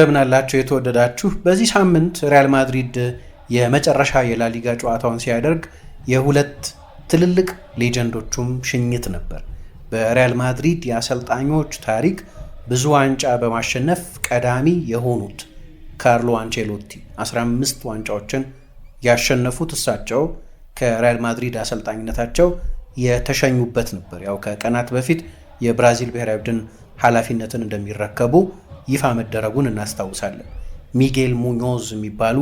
እንደምን የተወደዳችሁ። በዚህ ሳምንት ሪያል ማድሪድ የመጨረሻ የላሊጋ ጨዋታውን ሲያደርግ የሁለት ትልልቅ ሌጀንዶቹም ሽኝት ነበር። በሪያል ማድሪድ የአሰልጣኞች ታሪክ ብዙ ዋንጫ በማሸነፍ ቀዳሚ የሆኑት ካርሎ አንቼሎቲ 15 ዋንጫዎችን ያሸነፉት እሳቸው ከሪያል ማድሪድ አሰልጣኝነታቸው የተሸኙበት ነበር። ያው ከቀናት በፊት የብራዚል ብሔራዊ ቡድን ኃላፊነትን እንደሚረከቡ ይፋ መደረጉን እናስታውሳለን። ሚጌል ሙኞዝ የሚባሉ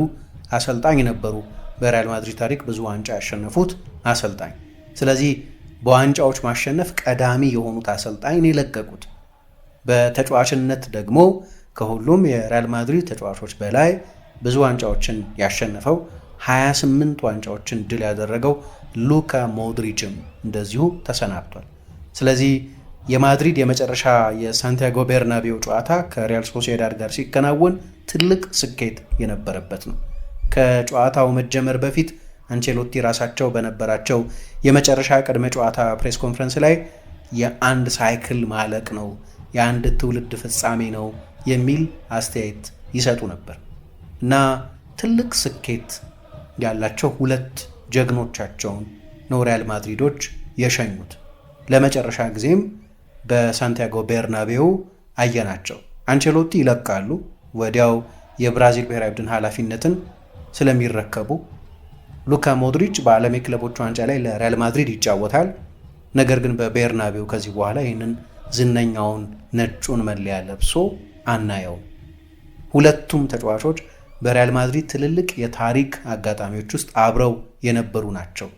አሰልጣኝ ነበሩ፣ በሪያል ማድሪድ ታሪክ ብዙ ዋንጫ ያሸነፉት አሰልጣኝ። ስለዚህ በዋንጫዎች ማሸነፍ ቀዳሚ የሆኑት አሰልጣኝ የለቀቁት። በተጫዋችነት ደግሞ ከሁሉም የሪያል ማድሪድ ተጫዋቾች በላይ ብዙ ዋንጫዎችን ያሸነፈው 28 ዋንጫዎችን ድል ያደረገው ሉካ ሞድሪችም እንደዚሁ ተሰናብቷል። ስለዚህ የማድሪድ የመጨረሻ የሳንቲያጎ ቤርናቤው ጨዋታ ከሪያል ሶሲዳድ ጋር ሲከናወን ትልቅ ስኬት የነበረበት ነው። ከጨዋታው መጀመር በፊት አንቼሎቲ ራሳቸው በነበራቸው የመጨረሻ ቅድመ ጨዋታ ፕሬስ ኮንፈረንስ ላይ የአንድ ሳይክል ማለቅ ነው፣ የአንድ ትውልድ ፍጻሜ ነው የሚል አስተያየት ይሰጡ ነበር እና ትልቅ ስኬት ያላቸው ሁለት ጀግኖቻቸውን ነው ሪያል ማድሪዶች የሸኙት ለመጨረሻ ጊዜም በሳንቲያጎ ቤርናቤው አየናቸው። አንቸሎቲ ይለቃሉ ወዲያው የብራዚል ብሔራዊ ቡድን ኃላፊነትን ስለሚረከቡ። ሉካ ሞድሪች በዓለም የክለቦች ዋንጫ ላይ ለሪያል ማድሪድ ይጫወታል። ነገር ግን በቤርናቤው ከዚህ በኋላ ይህንን ዝነኛውን ነጩን መለያ ለብሶ አናየው። ሁለቱም ተጫዋቾች በሪያል ማድሪድ ትልልቅ የታሪክ አጋጣሚዎች ውስጥ አብረው የነበሩ ናቸው።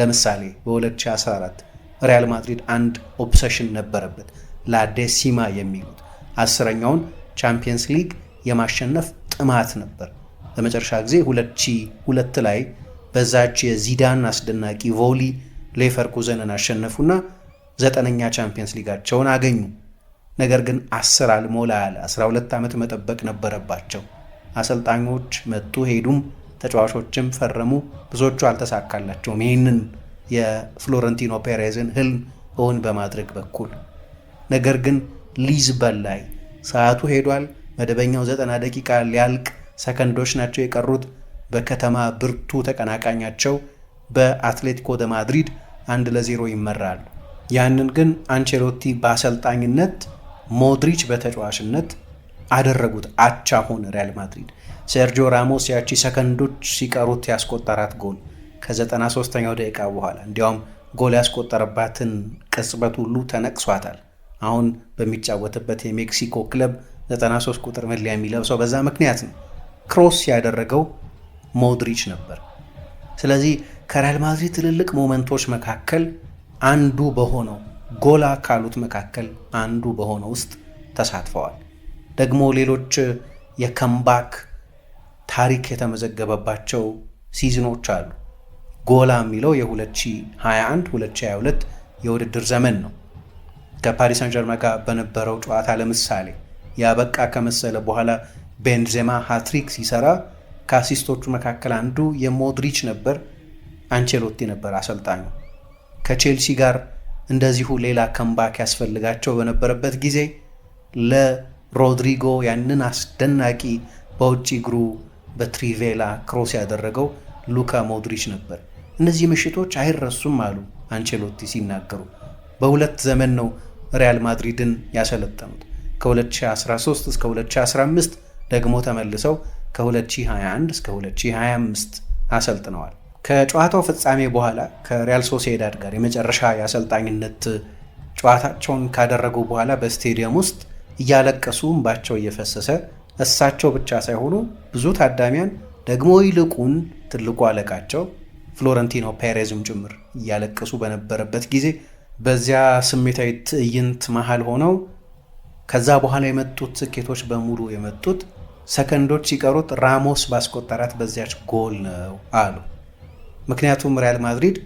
ለምሳሌ በ2014 ሪያል ማድሪድ አንድ ኦብሰሽን ነበረበት፣ ላዴሲማ የሚሉት አስረኛውን ቻምፒየንስ ሊግ የማሸነፍ ጥማት ነበር። በመጨረሻ ጊዜ 2002 ላይ በዛች የዚዳን አስደናቂ ቮሊ ሌቨርኩዘንን አሸነፉና ዘጠነኛ ቻምፒየንስ ሊጋቸውን አገኙ። ነገር ግን አስር አልሞላ ያለ 12 ዓመት መጠበቅ ነበረባቸው። አሰልጣኞች መጡ ሄዱም፣ ተጫዋቾችም ፈረሙ። ብዙዎቹ አልተሳካላቸውም። ይህንን የፍሎረንቲኖ ፔሬዝን ህልም እውን በማድረግ በኩል ነገር ግን ሊዝበን ላይ ሰዓቱ ሄዷል። መደበኛው ዘጠና ደቂቃ ሊያልቅ ሰከንዶች ናቸው የቀሩት። በከተማ ብርቱ ተቀናቃኛቸው በአትሌቲኮ ደ ማድሪድ አንድ ለዜሮ ይመራል። ያንን ግን አንቸሎቲ በአሰልጣኝነት ሞድሪች በተጫዋችነት አደረጉት። አቻ ሆነ ሪያል ማድሪድ። ሴርጂዮ ራሞስ ያቺ ሰከንዶች ሲቀሩት ያስቆጠራት ጎል ከ93ኛው ደቂቃ በኋላ እንዲያውም ጎል ያስቆጠረባትን ቅጽበት ሁሉ ተነቅሷታል። አሁን በሚጫወትበት የሜክሲኮ ክለብ 93 ቁጥር መለያ የሚለብሰው በዛ ምክንያት ነው። ክሮስ ያደረገው ሞድሪች ነበር። ስለዚህ ከሪያል ማድሪድ ትልልቅ ሞመንቶች መካከል አንዱ በሆነው ጎላ ካሉት መካከል አንዱ በሆነው ውስጥ ተሳትፈዋል። ደግሞ ሌሎች የከምባክ ታሪክ የተመዘገበባቸው ሲዝኖች አሉ። ጎላ የሚለው የ2021 2022 የውድድር ዘመን ነው። ከፓሪስ አንጀርማ ጋር በነበረው ጨዋታ ለምሳሌ ያበቃ ከመሰለ በኋላ ቤንዜማ ሃትሪክ ሲሰራ ከአሲስቶቹ መካከል አንዱ የሞድሪች ነበር። አንቸሎቲ ነበር አሰልጣኙ። ከቼልሲ ጋር እንደዚሁ ሌላ ከምባክ ያስፈልጋቸው በነበረበት ጊዜ ለሮድሪጎ ያንን አስደናቂ በውጭ እግሩ በትሪቬላ ክሮስ ያደረገው ሉካ ሞድሪች ነበር። እነዚህ ምሽቶች አይረሱም አሉ አንቸሎቲ ሲናገሩ። በሁለት ዘመን ነው ሪያል ማድሪድን ያሰለጠኑት። ከ2013 እስከ 2015 ደግሞ ተመልሰው ከ2021 እስከ 2025 አሰልጥነዋል። ከጨዋታው ፍጻሜ በኋላ ከሪያል ሶሴዳድ ጋር የመጨረሻ የአሰልጣኝነት ጨዋታቸውን ካደረጉ በኋላ በስቴዲየም ውስጥ እያለቀሱ እንባቸው እየፈሰሰ እሳቸው ብቻ ሳይሆኑ ብዙ ታዳሚያን ደግሞ ይልቁን ትልቁ አለቃቸው ፍሎረንቲኖ ፔሬዝም ጭምር እያለቀሱ በነበረበት ጊዜ በዚያ ስሜታዊ ትዕይንት መሃል ሆነው ከዛ በኋላ የመጡት ስኬቶች በሙሉ የመጡት ሰከንዶች ሲቀሩት ራሞስ ባስቆጠራት በዚያች ጎል ነው አሉ። ምክንያቱም ሪያል ማድሪድ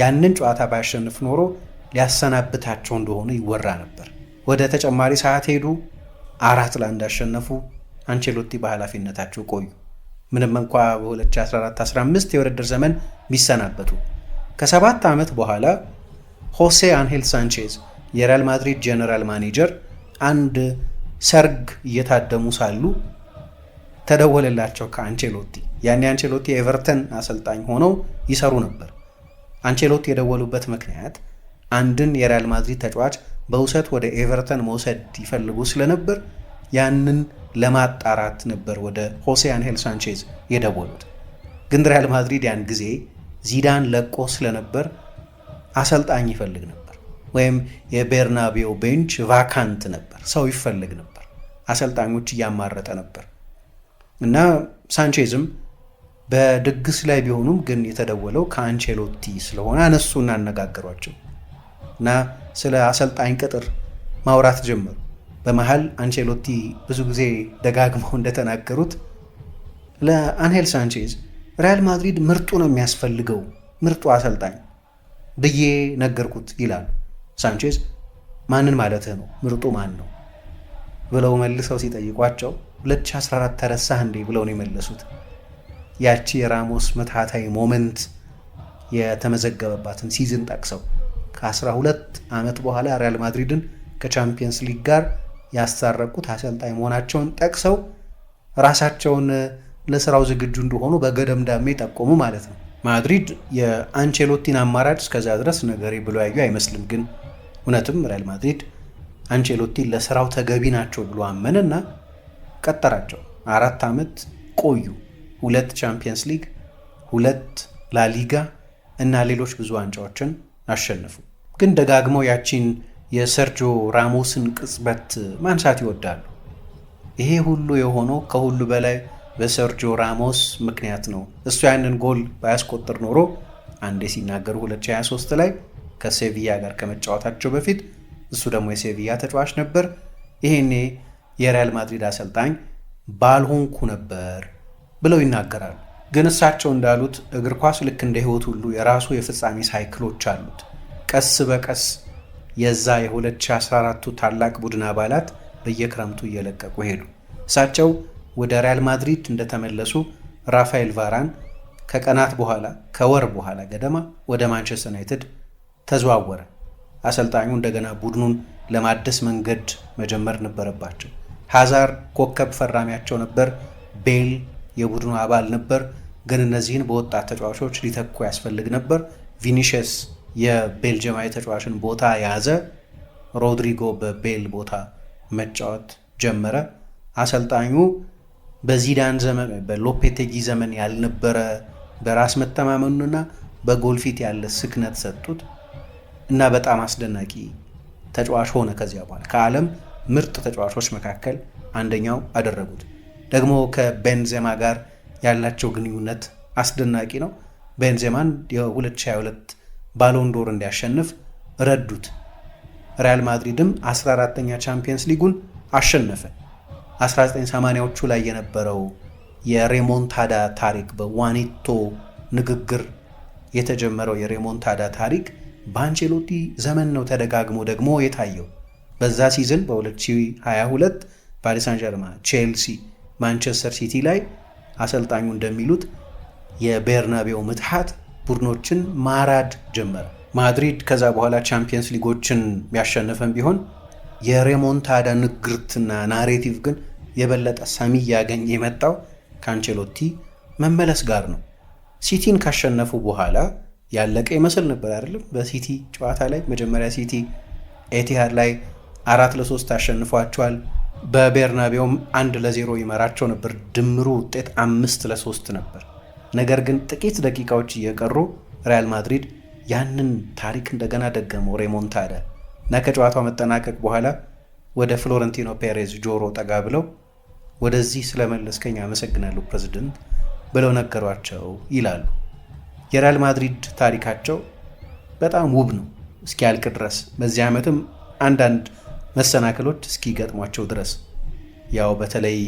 ያንን ጨዋታ ባያሸንፍ ኖሮ ሊያሰናብታቸው እንደሆነ ይወራ ነበር። ወደ ተጨማሪ ሰዓት ሄዱ። አራት ለአንድ አሸነፉ። አንቸሎቲ በኃላፊነታቸው ቆዩ። ምንም እንኳ በ2014/15 የውድድር ዘመን ቢሰናበቱ ከሰባት ዓመት በኋላ ሆሴ አንሄል ሳንቼዝ የሪያል ማድሪድ ጀነራል ማኔጀር አንድ ሰርግ እየታደሙ ሳሉ ተደወለላቸው ከአንቼሎቲ። ያኔ አንቼሎቲ የኤቨርተን አሰልጣኝ ሆነው ይሰሩ ነበር። አንቼሎቲ የደወሉበት ምክንያት አንድን የሪያል ማድሪድ ተጫዋች በውሰት ወደ ኤቨርተን መውሰድ ይፈልጉ ስለነበር ያንን ለማጣራት ነበር ወደ ሆሴ አንሄል ሳንቼዝ የደወሉት። ግን ሪያል ማድሪድ ያን ጊዜ ዚዳን ለቆ ስለነበር አሰልጣኝ ይፈልግ ነበር፣ ወይም የቤርናቤው ቤንች ቫካንት ነበር፣ ሰው ይፈልግ ነበር፣ አሰልጣኞች እያማረጠ ነበር እና ሳንቼዝም በድግስ ላይ ቢሆኑም ግን የተደወለው ከአንቼሎቲ ስለሆነ አነሱ እናነጋገሯቸው እና ስለ አሰልጣኝ ቅጥር ማውራት ጀመሩ። በመሀል አንቸሎቲ ብዙ ጊዜ ደጋግመው እንደተናገሩት ለአንሄል ሳንቼዝ ሪያል ማድሪድ ምርጡ ነው የሚያስፈልገው ምርጡ አሰልጣኝ ብዬ ነገርኩት ይላሉ። ሳንቼዝ ማንን ማለትህ ነው? ምርጡ ማን ነው ብለው መልሰው ሲጠይቋቸው 2014 ተረሳህ እንዴ ብለው ነው የመለሱት። ያቺ የራሞስ ምትሃታዊ ሞመንት የተመዘገበባትን ሲዝን ጠቅሰው ከ12 ዓመት በኋላ ሪያል ማድሪድን ከቻምፒየንስ ሊግ ጋር ያሳረቁት አሰልጣኝ መሆናቸውን ጠቅሰው ራሳቸውን ለስራው ዝግጁ እንደሆኑ በገደምዳሜ ጠቆሙ ማለት ነው። ማድሪድ የአንቸሎቲን አማራጭ እስከዛ ድረስ ነገሬ ብሎ ያዩ አይመስልም። ግን እውነትም ሪያል ማድሪድ አንቸሎቲን ለስራው ተገቢ ናቸው ብሎ አመነና ቀጠራቸው። አራት ዓመት ቆዩ። ሁለት ቻምፒየንስ ሊግ፣ ሁለት ላሊጋ እና ሌሎች ብዙ ዋንጫዎችን አሸነፉ። ግን ደጋግመው ያቺን የሰርጆ ራሞስን ቅጽበት ማንሳት ይወዳሉ። ይሄ ሁሉ የሆነው ከሁሉ በላይ በሰርጆ ራሞስ ምክንያት ነው። እሱ ያንን ጎል ባያስቆጥር ኖሮ አንዴ ሲናገሩ 2023 ላይ ከሴቪያ ጋር ከመጫወታቸው በፊት እሱ ደግሞ የሴቪያ ተጫዋች ነበር። ይሄኔ የሪያል ማድሪድ አሰልጣኝ ባልሆንኩ ነበር ብለው ይናገራሉ። ግን እሳቸው እንዳሉት እግር ኳስ ልክ እንደ ሕይወት ሁሉ የራሱ የፍጻሜ ሳይክሎች አሉት። ቀስ በቀስ የዛ የ2014ቱ ታላቅ ቡድን አባላት በየክረምቱ እየለቀቁ ሄዱ። እሳቸው ወደ ሪያል ማድሪድ እንደተመለሱ ራፋኤል ቫራን ከቀናት በኋላ ከወር በኋላ ገደማ ወደ ማንቸስተር ዩናይትድ ተዘዋወረ። አሰልጣኙ እንደገና ቡድኑን ለማደስ መንገድ መጀመር ነበረባቸው። ሀዛር ኮከብ ፈራሚያቸው ነበር። ቤል የቡድኑ አባል ነበር። ግን እነዚህን በወጣት ተጫዋቾች ሊተኩ ያስፈልግ ነበር። ቪኒሽስ የቤልጅየማዊ ተጫዋችን ቦታ የያዘ ሮድሪጎ በቤል ቦታ መጫወት ጀመረ። አሰልጣኙ በዚዳን ዘመን በሎፔቴጊ ዘመን ያልነበረ በራስ መተማመኑና በጎልፊት ያለ ስክነት ሰጡት እና በጣም አስደናቂ ተጫዋች ሆነ። ከዚያ በኋላ ከዓለም ምርጥ ተጫዋቾች መካከል አንደኛው አደረጉት። ደግሞ ከቤንዜማ ጋር ያላቸው ግንኙነት አስደናቂ ነው። ቤንዜማን የ2022 ባሎንዶር እንዲያሸንፍ ረዱት። ሪያል ማድሪድም 14ተኛ ቻምፒየንስ ሊጉን አሸነፈ። 1980ዎቹ ላይ የነበረው የሬሞንታዳ ታሪክ በዋኔቶ ንግግር የተጀመረው የሬሞንታዳ ታሪክ በአንቼሎቲ ዘመን ነው ተደጋግሞ ደግሞ የታየው። በዛ ሲዝን በ2022 ፓሪስ ጀርማ፣ ቼልሲ፣ ማንቸስተር ሲቲ ላይ አሰልጣኙ እንደሚሉት የቤርናቤው ምትሃት ቡድኖችን ማራድ ጀመረ። ማድሪድ ከዛ በኋላ ቻምፒየንስ ሊጎችን ያሸነፈን ቢሆን የሬሞንታዳ ንግርትና ናሬቲቭ ግን የበለጠ ሰሚ እያገኘ የመጣው ከአንቸሎቲ መመለስ ጋር ነው። ሲቲን ካሸነፉ በኋላ ያለቀ ይመስል ነበር አይደለም? በሲቲ ጨዋታ ላይ መጀመሪያ ሲቲ ኤቲሃድ ላይ አራት ለሶስት አሸንፏቸዋል። በቤርናቤውም አንድ ለዜሮ ይመራቸው ነበር። ድምሩ ውጤት አምስት ለሶስት ነበር። ነገር ግን ጥቂት ደቂቃዎች እየቀሩ ሪያል ማድሪድ ያንን ታሪክ እንደገና ደገመው ሬሞንታዳ እና ከጨዋታው መጠናቀቅ በኋላ ወደ ፍሎረንቲኖ ፔሬዝ ጆሮ ጠጋ ብለው ወደዚህ ስለመለስከኝ አመሰግናለሁ ፕሬዚደንት ብለው ነገሯቸው ይላሉ። የሪያል ማድሪድ ታሪካቸው በጣም ውብ ነው እስኪያልቅ ድረስ በዚህ ዓመትም አንዳንድ መሰናክሎች እስኪገጥሟቸው ድረስ ያው በተለይ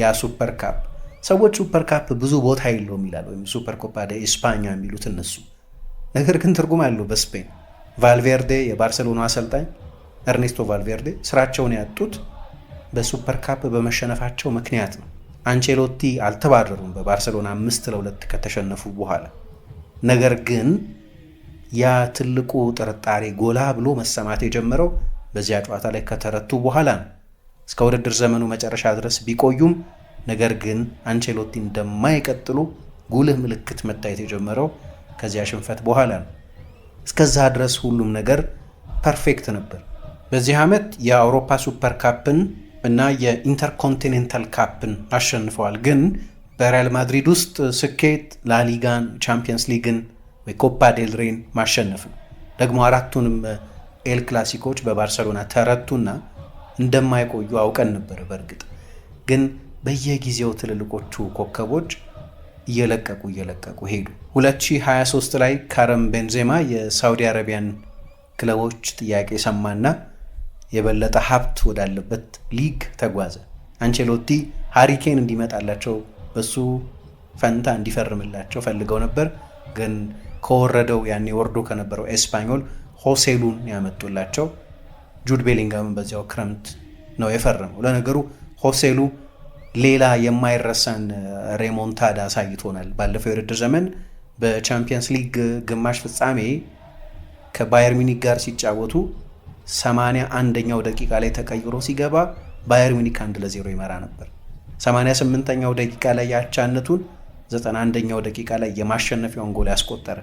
ያ ሱፐር ካፕ ሰዎች ሱፐር ካፕ ብዙ ቦታ የለውም ይላል፣ ወይም ሱፐር ኮፓ ደ ኤስፓኛ የሚሉት እነሱ። ነገር ግን ትርጉም አለው በስፔን ቫልቬርዴ የባርሴሎና አሰልጣኝ ኤርኔስቶ ቫልቬርዴ ስራቸውን ያጡት በሱፐር ካፕ በመሸነፋቸው ምክንያት ነው። አንቼሎቲ አልተባረሩም በባርሴሎና አምስት ለሁለት ከተሸነፉ በኋላ። ነገር ግን ያ ትልቁ ጥርጣሬ ጎላ ብሎ መሰማት የጀመረው በዚያ ጨዋታ ላይ ከተረቱ በኋላ ነው። እስከ ውድድር ዘመኑ መጨረሻ ድረስ ቢቆዩም ነገር ግን አንቸሎቲ እንደማይቀጥሉ ጉልህ ምልክት መታየት የጀመረው ከዚያ ሽንፈት በኋላ ነው። እስከዛ ድረስ ሁሉም ነገር ፐርፌክት ነበር። በዚህ ዓመት የአውሮፓ ሱፐር ካፕን እና የኢንተርኮንቲኔንታል ካፕን አሸንፈዋል። ግን በሪያል ማድሪድ ውስጥ ስኬት ላሊጋን፣ ቻምፒየንስ ሊግን ወይ ኮፓ ዴልሬን ማሸነፍ ነው። ደግሞ አራቱንም ኤል ክላሲኮች በባርሰሎና ተረቱና እንደማይቆዩ አውቀን ነበር። በእርግጥ ግን በየጊዜው ትልልቆቹ ኮከቦች እየለቀቁ እየለቀቁ ሄዱ። 2023 ላይ ካረም ቤንዜማ የሳውዲ አረቢያን ክለቦች ጥያቄ ሰማና የበለጠ ሀብት ወዳለበት ሊግ ተጓዘ። አንቸሎቲ ሃሪኬን እንዲመጣላቸው በሱ ፈንታ እንዲፈርምላቸው ፈልገው ነበር፣ ግን ከወረደው ያኔ ወርዶ ከነበረው ኤስፓኞል ሆሴሉን ያመጡላቸው። ጁድ ቤሊንጋምን በዚያው ክረምት ነው የፈረመው። ለነገሩ ሆሴሉ ሌላ የማይረሳን ሬሞንታዳ አሳይቶናል። ባለፈው የውድድር ዘመን በቻምፒየንስ ሊግ ግማሽ ፍጻሜ ከባየር ሚኒክ ጋር ሲጫወቱ 81ኛው ደቂቃ ላይ ተቀይሮ ሲገባ ባየር ሚኒክ 1 ለዜሮ ይመራ ነበር። 88ኛው ደቂቃ ላይ ያቻነቱን፣ 91ኛው ደቂቃ ላይ የማሸነፊያውን ጎል ያስቆጠረ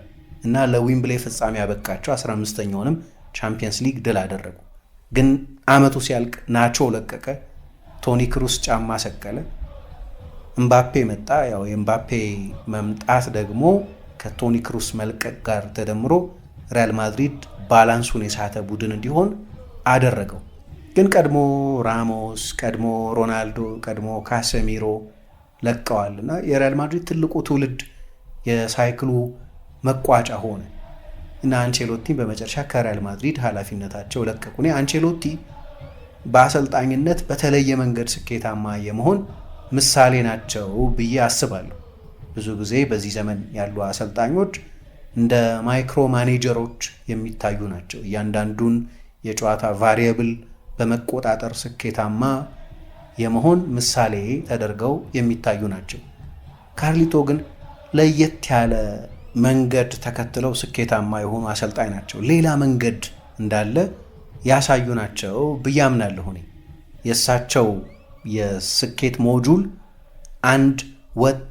እና ለዊምብሌ ፍጻሜ ያበቃቸው 15ኛውንም ቻምፒየንስ ሊግ ድል አደረጉ። ግን አመቱ ሲያልቅ ናቾ ለቀቀ። ቶኒ ክሩስ ጫማ ሰቀለ፣ እምባፔ መጣ። ያው የእምባፔ መምጣት ደግሞ ከቶኒ ክሩስ መልቀቅ ጋር ተደምሮ ሪያል ማድሪድ ባላንሱን የሳተ ቡድን እንዲሆን አደረገው። ግን ቀድሞ ራሞስ፣ ቀድሞ ሮናልዶ፣ ቀድሞ ካሰሚሮ ለቀዋል እና የሪያል ማድሪድ ትልቁ ትውልድ የሳይክሉ መቋጫ ሆነ እና አንቼሎቲ በመጨረሻ ከሪያል ማድሪድ ኃላፊነታቸው ለቀቁ። እኔ አንቼሎቲ በአሰልጣኝነት በተለየ መንገድ ስኬታማ የመሆን ምሳሌ ናቸው ብዬ አስባለሁ። ብዙ ጊዜ በዚህ ዘመን ያሉ አሰልጣኞች እንደ ማይክሮ ማኔጀሮች የሚታዩ ናቸው። እያንዳንዱን የጨዋታ ቫሪየብል በመቆጣጠር ስኬታማ የመሆን ምሳሌ ተደርገው የሚታዩ ናቸው። ካርሊቶ ግን ለየት ያለ መንገድ ተከትለው ስኬታማ የሆኑ አሰልጣኝ ናቸው። ሌላ መንገድ እንዳለ ያሳዩ ናቸው ብዬ አምናለሁ። እኔ የእሳቸው የስኬት ሞጁል አንድ ወጥ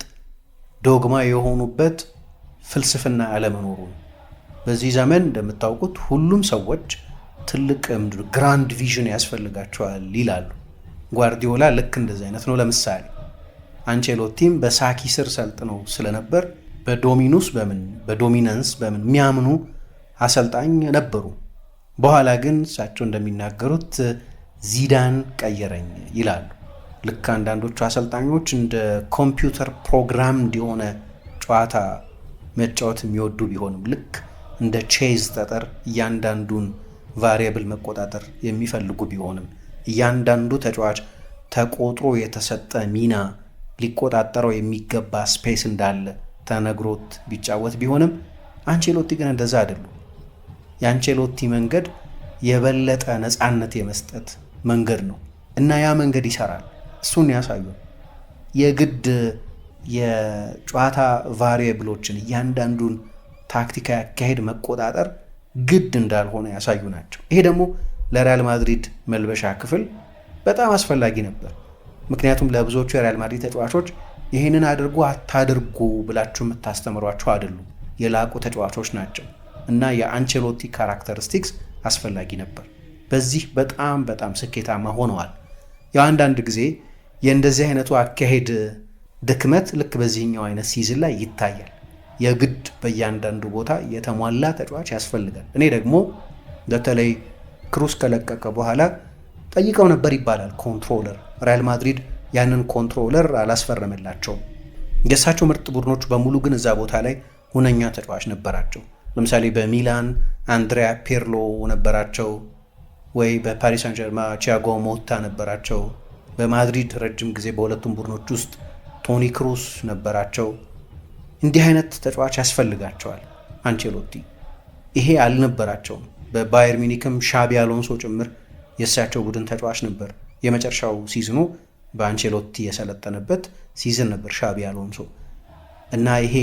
ዶግማ የሆኑበት ፍልስፍና አለመኖሩ ነው። በዚህ ዘመን እንደምታውቁት ሁሉም ሰዎች ትልቅ ግራንድ ቪዥን ያስፈልጋቸዋል ይላሉ። ጓርዲዮላ ልክ እንደዚህ አይነት ነው። ለምሳሌ አንቼሎቲም በሳኪ ስር ሰልጥነው ስለነበር በዶሚኑስ በምን በዶሚናንስ በምን የሚያምኑ አሰልጣኝ ነበሩ። በኋላ ግን እሳቸው እንደሚናገሩት ዚዳን ቀየረኝ ይላሉ። ልክ አንዳንዶቹ አሰልጣኞች እንደ ኮምፒውተር ፕሮግራም እንዲሆነ ጨዋታ መጫወት የሚወዱ ቢሆንም ልክ እንደ ቼዝ ጠጠር እያንዳንዱን ቫሪየብል መቆጣጠር የሚፈልጉ ቢሆንም እያንዳንዱ ተጫዋች ተቆጥሮ የተሰጠ ሚና ሊቆጣጠረው የሚገባ ስፔስ እንዳለ ተነግሮት ቢጫወት ቢሆንም አንቼሎቲ ግን እንደዛ አይደሉም። የአንቸሎቲ መንገድ የበለጠ ነፃነት የመስጠት መንገድ ነው እና ያ መንገድ ይሰራል። እሱን ያሳዩ የግድ የጨዋታ ቫሪየብሎችን እያንዳንዱን ታክቲካ ያካሄድ መቆጣጠር ግድ እንዳልሆነ ያሳዩ ናቸው። ይሄ ደግሞ ለሪያል ማድሪድ መልበሻ ክፍል በጣም አስፈላጊ ነበር። ምክንያቱም ለብዙዎቹ የሪያል ማድሪድ ተጫዋቾች ይህንን አድርጎ አታድርጉ ብላችሁ የምታስተምሯቸው አይደሉም፣ የላቁ ተጫዋቾች ናቸው። እና የአንቸሎቲ ካራክተሪስቲክስ አስፈላጊ ነበር። በዚህ በጣም በጣም ስኬታማ ሆነዋል። ያው አንዳንድ ጊዜ የእንደዚህ አይነቱ አካሄድ ድክመት ልክ በዚህኛው አይነት ሲዝን ላይ ይታያል። የግድ በእያንዳንዱ ቦታ የተሟላ ተጫዋች ያስፈልጋል። እኔ ደግሞ በተለይ ክሩስ ከለቀቀ በኋላ ጠይቀው ነበር ይባላል ኮንትሮለር። ሪያል ማድሪድ ያንን ኮንትሮለር አላስፈረመላቸውም። የእሳቸው ምርጥ ቡድኖች በሙሉ ግን እዛ ቦታ ላይ ሁነኛ ተጫዋች ነበራቸው። ለምሳሌ በሚላን አንድሪያ ፔርሎ ነበራቸው፣ ወይ በፓሪስ ሳን ጀርማ ቲያጎ ሞታ ነበራቸው። በማድሪድ ረጅም ጊዜ በሁለቱም ቡድኖች ውስጥ ቶኒ ክሩስ ነበራቸው። እንዲህ አይነት ተጫዋች ያስፈልጋቸዋል አንቼሎቲ። ይሄ አልነበራቸውም። በባየር ሚኒክም ሻቢ አሎንሶ ጭምር የእሳቸው ቡድን ተጫዋች ነበር። የመጨረሻው ሲዝኑ በአንቼሎቲ የሰለጠነበት ሲዝን ነበር ሻቢ አሎንሶ እና ይሄ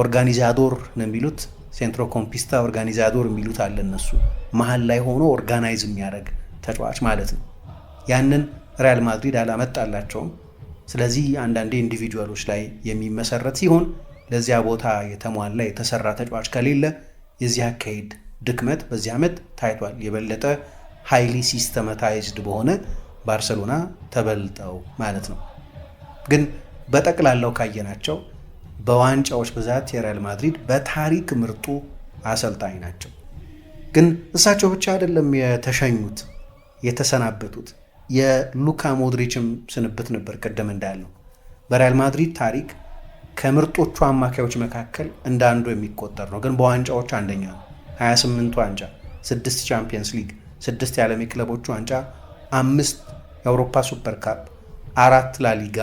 ኦርጋኒዛዶር ነው የሚሉት ሴንትሮ ኮምፒስታ ኦርጋኒዛዶር የሚሉት አለ። እነሱ መሀል ላይ ሆኖ ኦርጋናይዝ የሚያደርግ ተጫዋች ማለት ነው። ያንን ሪያል ማድሪድ አላመጣላቸውም። ስለዚህ አንዳንዴ ኢንዲቪጁዋሎች ላይ የሚመሰረት ሲሆን ለዚያ ቦታ የተሟላ የተሰራ ተጫዋች ከሌለ የዚህ አካሄድ ድክመት በዚህ ዓመት ታይቷል። የበለጠ ሃይሊ ሲስተማታይዝድ በሆነ ባርሰሎና ተበልጠው ማለት ነው። ግን በጠቅላላው ካየናቸው በዋንጫዎች ብዛት የሪያል ማድሪድ በታሪክ ምርጡ አሰልጣኝ ናቸው። ግን እሳቸው ብቻ አይደለም የተሸኙት የተሰናበቱት። የሉካ ሞድሪችም ስንብት ነበር። ቅድም እንዳለው በሪያል ማድሪድ ታሪክ ከምርጦቹ አማካዮች መካከል እንደ አንዱ የሚቆጠር ነው። ግን በዋንጫዎች አንደኛ ነው። 28 ዋንጫ፣ 6 ቻምፒየንስ ሊግ፣ 6 የዓለም የክለቦች ዋንጫ፣ አምስት የአውሮፓ ሱፐር ካፕ፣ አራት ላሊጋ፣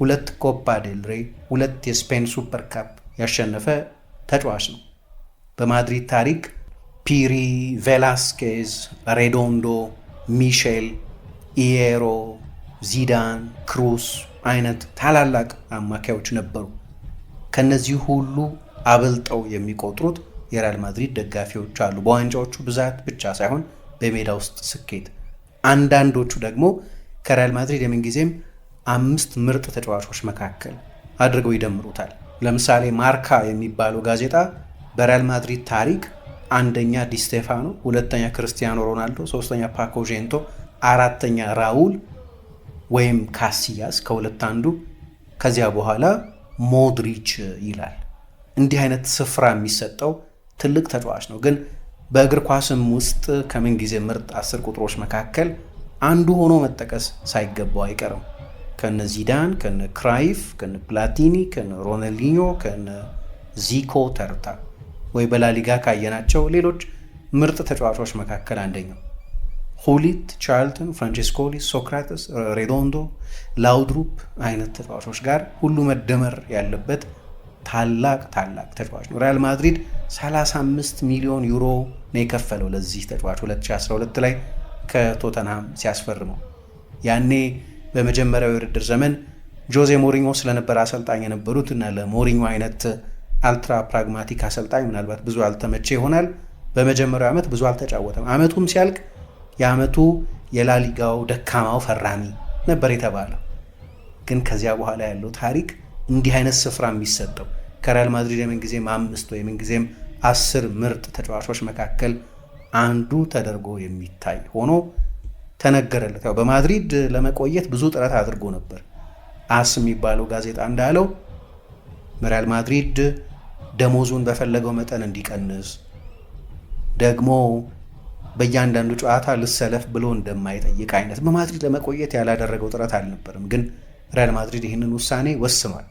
ሁለት ኮፓ ዴልሬ ሁለት የስፔን ሱፐር ካፕ ያሸነፈ ተጫዋች ነው። በማድሪድ ታሪክ ፒሪ፣ ቬላስኬዝ፣ ሬዶንዶ፣ ሚሼል፣ ኢየሮ፣ ዚዳን፣ ክሩስ አይነት ታላላቅ አማካዮች ነበሩ። ከነዚህ ሁሉ አበልጠው የሚቆጥሩት የሪያል ማድሪድ ደጋፊዎች አሉ። በዋንጫዎቹ ብዛት ብቻ ሳይሆን በሜዳ ውስጥ ስኬት። አንዳንዶቹ ደግሞ ከሪያል ማድሪድ የምንጊዜም አምስት ምርጥ ተጫዋቾች መካከል አድርገው ይደምሩታል። ለምሳሌ ማርካ የሚባለው ጋዜጣ በሪያል ማድሪድ ታሪክ አንደኛ ዲስቴፋኖ፣ ሁለተኛ ክርስቲያኖ ሮናልዶ፣ ሶስተኛ ፓኮዤንቶ፣ አራተኛ ራውል ወይም ካሲያስ ከሁለት አንዱ፣ ከዚያ በኋላ ሞድሪች ይላል። እንዲህ አይነት ስፍራ የሚሰጠው ትልቅ ተጫዋች ነው። ግን በእግር ኳስም ውስጥ ከምንጊዜ ምርጥ አስር ቁጥሮች መካከል አንዱ ሆኖ መጠቀስ ሳይገባው አይቀርም። ከነ ዚዳን፣ ከነ ክራይፍ፣ ከነ ፕላቲኒ፣ ከነ ሮናልዲኞ፣ ከነ ዚኮ ተርታ ወይ በላሊጋ ካየናቸው ሌሎች ምርጥ ተጫዋቾች መካከል አንደኛው ሁሊት፣ ቻርልተን፣ ፍራንቼስኮሊ፣ ሶክራተስ፣ ሬዶንዶ፣ ላውድሩፕ አይነት ተጫዋቾች ጋር ሁሉ መደመር ያለበት ታላቅ ታላቅ ተጫዋች ነው። ሪያል ማድሪድ 35 ሚሊዮን ዩሮ ነው የከፈለው ለዚህ ተጫዋች 2012 ላይ ከቶተንሃም ሲያስፈርመው ያኔ በመጀመሪያው የውድድር ዘመን ጆዜ ሞሪኞ ስለነበረ አሰልጣኝ የነበሩት እና ለሞሪኞ አይነት አልትራ ፕራግማቲክ አሰልጣኝ ምናልባት ብዙ አልተመቸ ይሆናል። በመጀመሪያው ዓመት ብዙ አልተጫወተም። ዓመቱም ሲያልቅ የዓመቱ የላሊጋው ደካማው ፈራሚ ነበር የተባለው። ግን ከዚያ በኋላ ያለው ታሪክ እንዲህ አይነት ስፍራ የሚሰጠው ከሪያል ማድሪድ የምንጊዜም አምስት ወይ ምንጊዜም አስር ምርጥ ተጫዋቾች መካከል አንዱ ተደርጎ የሚታይ ሆኖ ተነገረለት። ያው በማድሪድ ለመቆየት ብዙ ጥረት አድርጎ ነበር። አስ የሚባለው ጋዜጣ እንዳለው ሪያል ማድሪድ ደሞዙን በፈለገው መጠን እንዲቀንስ ደግሞ በእያንዳንዱ ጨዋታ ልሰለፍ ብሎ እንደማይጠይቅ አይነት በማድሪድ ለመቆየት ያላደረገው ጥረት አልነበርም። ግን ሪያል ማድሪድ ይህንን ውሳኔ ወስኗል።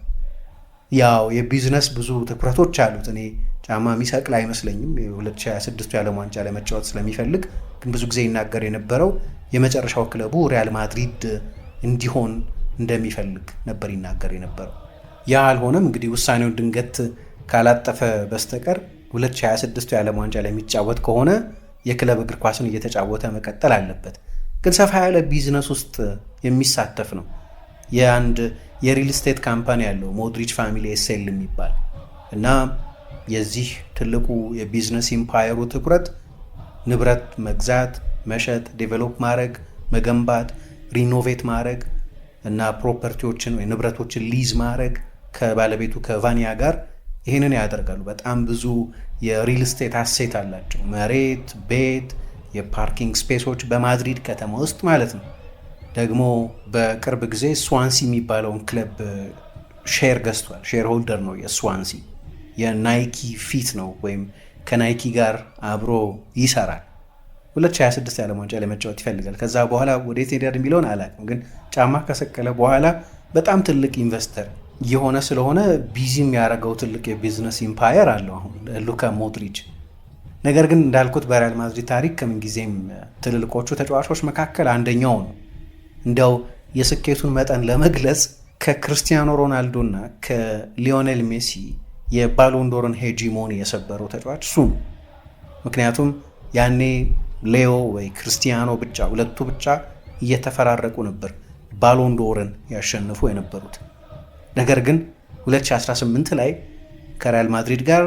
ያው የቢዝነስ ብዙ ትኩረቶች አሉት። እኔ ጫማ የሚሰቅል አይመስለኝም። የ2026 የዓለም ዋንጫ ለመጫወት ስለሚፈልግ ግን ብዙ ጊዜ ይናገር የነበረው የመጨረሻው ክለቡ ሪያል ማድሪድ እንዲሆን እንደሚፈልግ ነበር ይናገር የነበረው። ያ አልሆነም እንግዲህ ውሳኔውን ድንገት ካላጠፈ በስተቀር 2026 የዓለም ዋንጫ ላይ የሚጫወት ከሆነ የክለብ እግር ኳስን እየተጫወተ መቀጠል አለበት። ግን ሰፋ ያለ ቢዝነስ ውስጥ የሚሳተፍ ነው። የአንድ የሪል ስቴት ካምፓኒ ያለው ሞድሪች ፋሚሊ ኤስኤል የሚባል እና የዚህ ትልቁ የቢዝነስ ኢምፓየሩ ትኩረት ንብረት መግዛት መሸጥ፣ ዴቨሎፕ ማድረግ፣ መገንባት፣ ሪኖቬት ማድረግ እና ፕሮፐርቲዎችን ወይ ንብረቶችን ሊዝ ማድረግ ከባለቤቱ ከቫኒያ ጋር ይህንን ያደርጋሉ። በጣም ብዙ የሪል ስቴት አሴት አላቸው። መሬት፣ ቤት፣ የፓርኪንግ ስፔሶች በማድሪድ ከተማ ውስጥ ማለት ነው። ደግሞ በቅርብ ጊዜ ስዋንሲ የሚባለውን ክለብ ሼር ገዝቷል። ሼር ሆልደር ነው የስዋንሲ የናይኪ ፊት ነው ወይም ከናይኪ ጋር አብሮ ይሰራል። 2026 የዓለም ዋንጫ ላይ መጫወት ይፈልጋል። ከዛ በኋላ ወዴት ይሄዳል የሚለውን አላውቅም፣ ግን ጫማ ከሰቀለ በኋላ በጣም ትልቅ ኢንቨስተር የሆነ ስለሆነ ቢዚ የሚያደርገው ትልቅ የቢዝነስ ኢምፓየር አለው አሁን ሉካ ሞድሪች። ነገር ግን እንዳልኩት በሪያል ማድሪድ ታሪክ ከምን ጊዜም ትልልቆቹ ተጫዋቾች መካከል አንደኛው ነው። እንዲያው የስኬቱን መጠን ለመግለጽ ከክርስቲያኖ ሮናልዶና ከሊዮኔል ሜሲ የባሎንዶርን ሄጂሞኒ የሰበረው ተጫዋች እሱ ነው። ምክንያቱም ያኔ ሌዮ ወይ ክርስቲያኖ ብቻ ሁለቱ ብቻ እየተፈራረቁ ነበር ባሎንዶርን ያሸንፉ የነበሩት። ነገር ግን 2018 ላይ ከሪያል ማድሪድ ጋር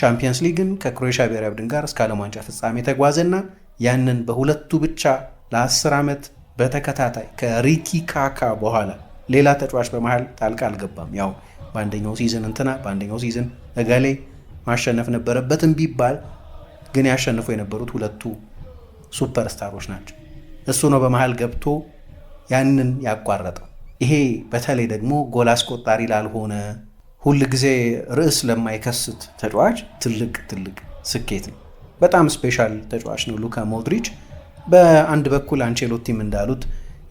ቻምፒየንስ ሊግን ከክሮኤሽያ ብሔራዊ ቡድን ጋር እስከ ዓለም ዋንጫ ፍጻሜ ተጓዘና ያንን በሁለቱ ብቻ ለ10 ዓመት በተከታታይ ከሪኪ ካካ በኋላ ሌላ ተጫዋች በመሃል ጣልቃ አልገባም። ያው በአንደኛው ሲዝን እንትና በአንደኛው ሲዝን እገሌ ማሸነፍ ነበረበትም ቢባል ግን ያሸንፉ የነበሩት ሁለቱ ሱፐር ስታሮች ናቸው። እሱ ነው በመሀል ገብቶ ያንን ያቋረጠው። ይሄ በተለይ ደግሞ ጎል አስቆጣሪ ላልሆነ ሁል ጊዜ ርዕስ ለማይከስት ተጫዋች ትልቅ ትልቅ ስኬት ነው። በጣም ስፔሻል ተጫዋች ነው ሉካ ሞድሪች። በአንድ በኩል አንቼሎቲም እንዳሉት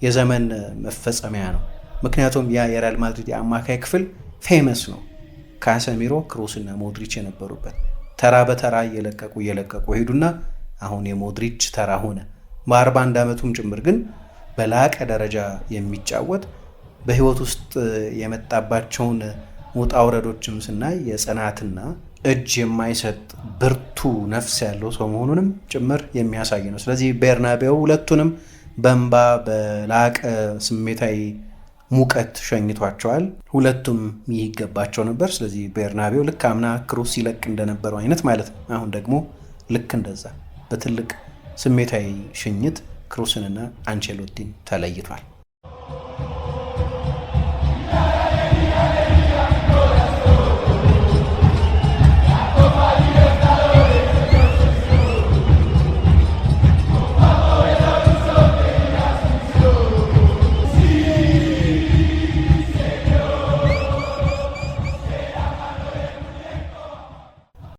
የዘመን መፈጸሚያ ነው። ምክንያቱም ያ የሪያል ማድሪድ የአማካይ ክፍል ፌመስ ነው። ካሰሚሮ፣ ክሮስና ሞድሪች የነበሩበት ተራ በተራ እየለቀቁ እየለቀቁ ሄዱና አሁን የሞድሪች ተራ ሆነ። በ41 ዓመቱም ጭምር ግን በላቀ ደረጃ የሚጫወት በህይወት ውስጥ የመጣባቸውን ውጣ ውረዶችም ስናይ የጽናትና እጅ የማይሰጥ ብርቱ ነፍስ ያለው ሰው መሆኑንም ጭምር የሚያሳይ ነው። ስለዚህ ቤርናቤው ሁለቱንም በእንባ በላቀ ስሜታዊ ሙቀት ሸኝቷቸዋል። ሁለቱም ይህ ይገባቸው ነበር። ስለዚህ ቤርናቤው ልክ አምና ክሩስ ሲለቅ እንደነበረው አይነት ማለት ነው። አሁን ደግሞ ልክ እንደዛ በትልቅ ስሜታዊ ሽኝት ክሩስንና አንቸሎቲን ተለይቷል።